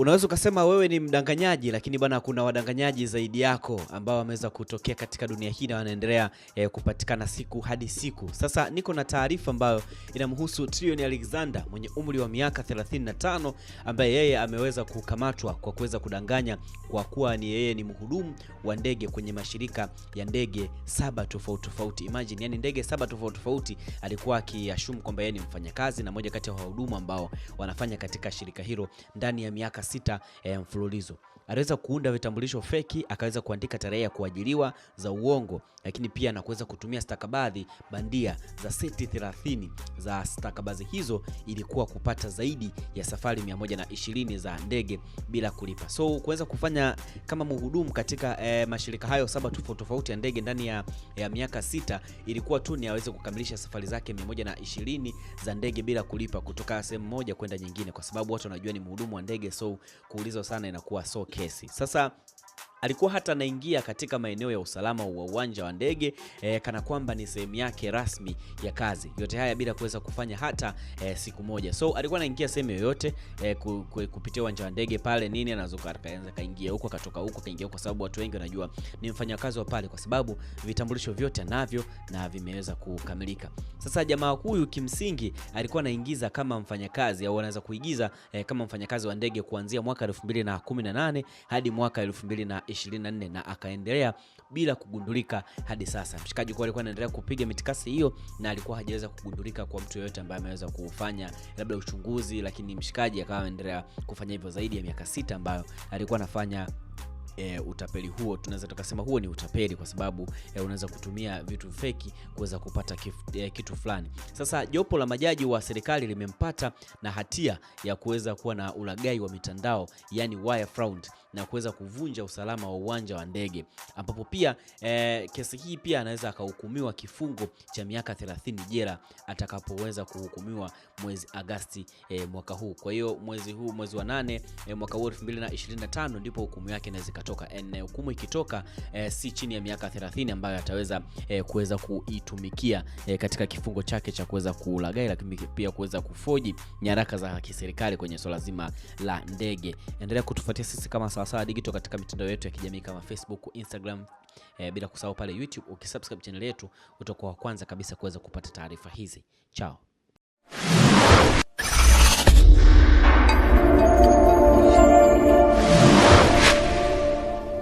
Unaweza ukasema wewe ni mdanganyaji, lakini bwana, kuna wadanganyaji zaidi yako ambao wameweza kutokea katika dunia hii na wanaendelea eh, kupatikana siku hadi siku. Sasa niko na taarifa ambayo inamhusu Trilioni Alexander mwenye umri wa miaka 35 ambaye yeye ameweza kukamatwa kwa kuweza kudanganya kwa kuwa ni yeye ni mhudumu wa ndege kwenye mashirika ya ndege saba tofauti tofauti. Imagine, yani ndege saba tofauti tofauti alikuwa akiashumu kwamba yeye ni mfanyakazi na moja kati ya wahudumu ambao wanafanya katika shirika hilo ndani ya miaka sita e, mfululizo aliweza kuunda vitambulisho feki, akaweza kuandika tarehe ya kuajiliwa za uongo, lakini pia na kuweza kutumia stakabadhi bandia za seti 30 za stakabadhi hizo ilikuwa kupata zaidi ya safari 120 za ndege bila kulipa. So kuweza kufanya kama mhudumu katika eh, mashirika hayo saba tofauti tofauti ya ndege ndani ya, ya miaka sita ilikuwa tu ni aweze kukamilisha safari zake 120 za ndege bila kulipa kutoka sehemu moja kwenda nyingine, kwa sababu watu wanajua ni mhudumu wa ndege, so kuulizwa sana inakuwa soki kesi. Sasa alikuwa hata anaingia katika maeneo ya usalama wa uwanja wa ndege e, kana kwamba ni sehemu yake rasmi ya kazi. Yote haya bila kuweza kufanya hata e, siku moja. So alikuwa anaingia sehemu yoyote e, ku, ku, kupitia uwanja wa ndege pale nini, anazuka akaanza kaingia huko akatoka huko kaingia huko, kwa sababu watu wengi wanajua ni mfanyakazi wa pale, kwa sababu vitambulisho vyote anavyo na vimeweza kukamilika. Sasa jamaa huyu kimsingi alikuwa anaingiza kama mfanyakazi au anaweza kuigiza eh, kama mfanyakazi wa ndege kuanzia mwaka 2018 hadi mwaka 2024 na akaendelea bila kugundulika hadi sasa. Mshikaji kwa alikuwa anaendelea kupiga mitikasi hiyo na alikuwa hajaweza kugundulika kwa mtu yoyote ambaye ameweza kufanya labda uchunguzi, lakini mshikaji akawa anaendelea kufanya hivyo zaidi ya miaka sita ambayo alikuwa anafanya e, utapeli huo. Tunaweza tukasema huo ni utapeli kwa sababu e, unaweza kutumia vitu feki kuweza kupata kif, e, kitu fulani. Sasa jopo la majaji wa serikali limempata na hatia ya kuweza kuwa na ulagai wa mitandao, yani wire fraud, na kuweza kuvunja usalama wa uwanja wa ndege, ambapo pia e, kesi hii pia anaweza akahukumiwa kifungo cha miaka 30 jela atakapoweza kuhukumiwa mwezi Agasti e, mwaka huu. Kwa hiyo mwezi huu mwezi wa nane e, mwaka huu 2025 ndipo hukumu yake inaweza kutoka na hukumu ikitoka e, si chini ya miaka 30 ambayo ataweza e, kuweza kuitumikia e, katika kifungo chake cha kuweza kulagai lakini pia kuweza kufoji nyaraka za kiserikali kwenye swala zima la ndege. Endelea kutufuatia sisi kama Sawasawa Digital katika mitandao yetu ya kijamii kama Facebook, Instagram e, bila kusahau pale YouTube. Ukisubscribe channel yetu utakuwa wa kwanza kabisa kuweza kupata taarifa hizi. Chao.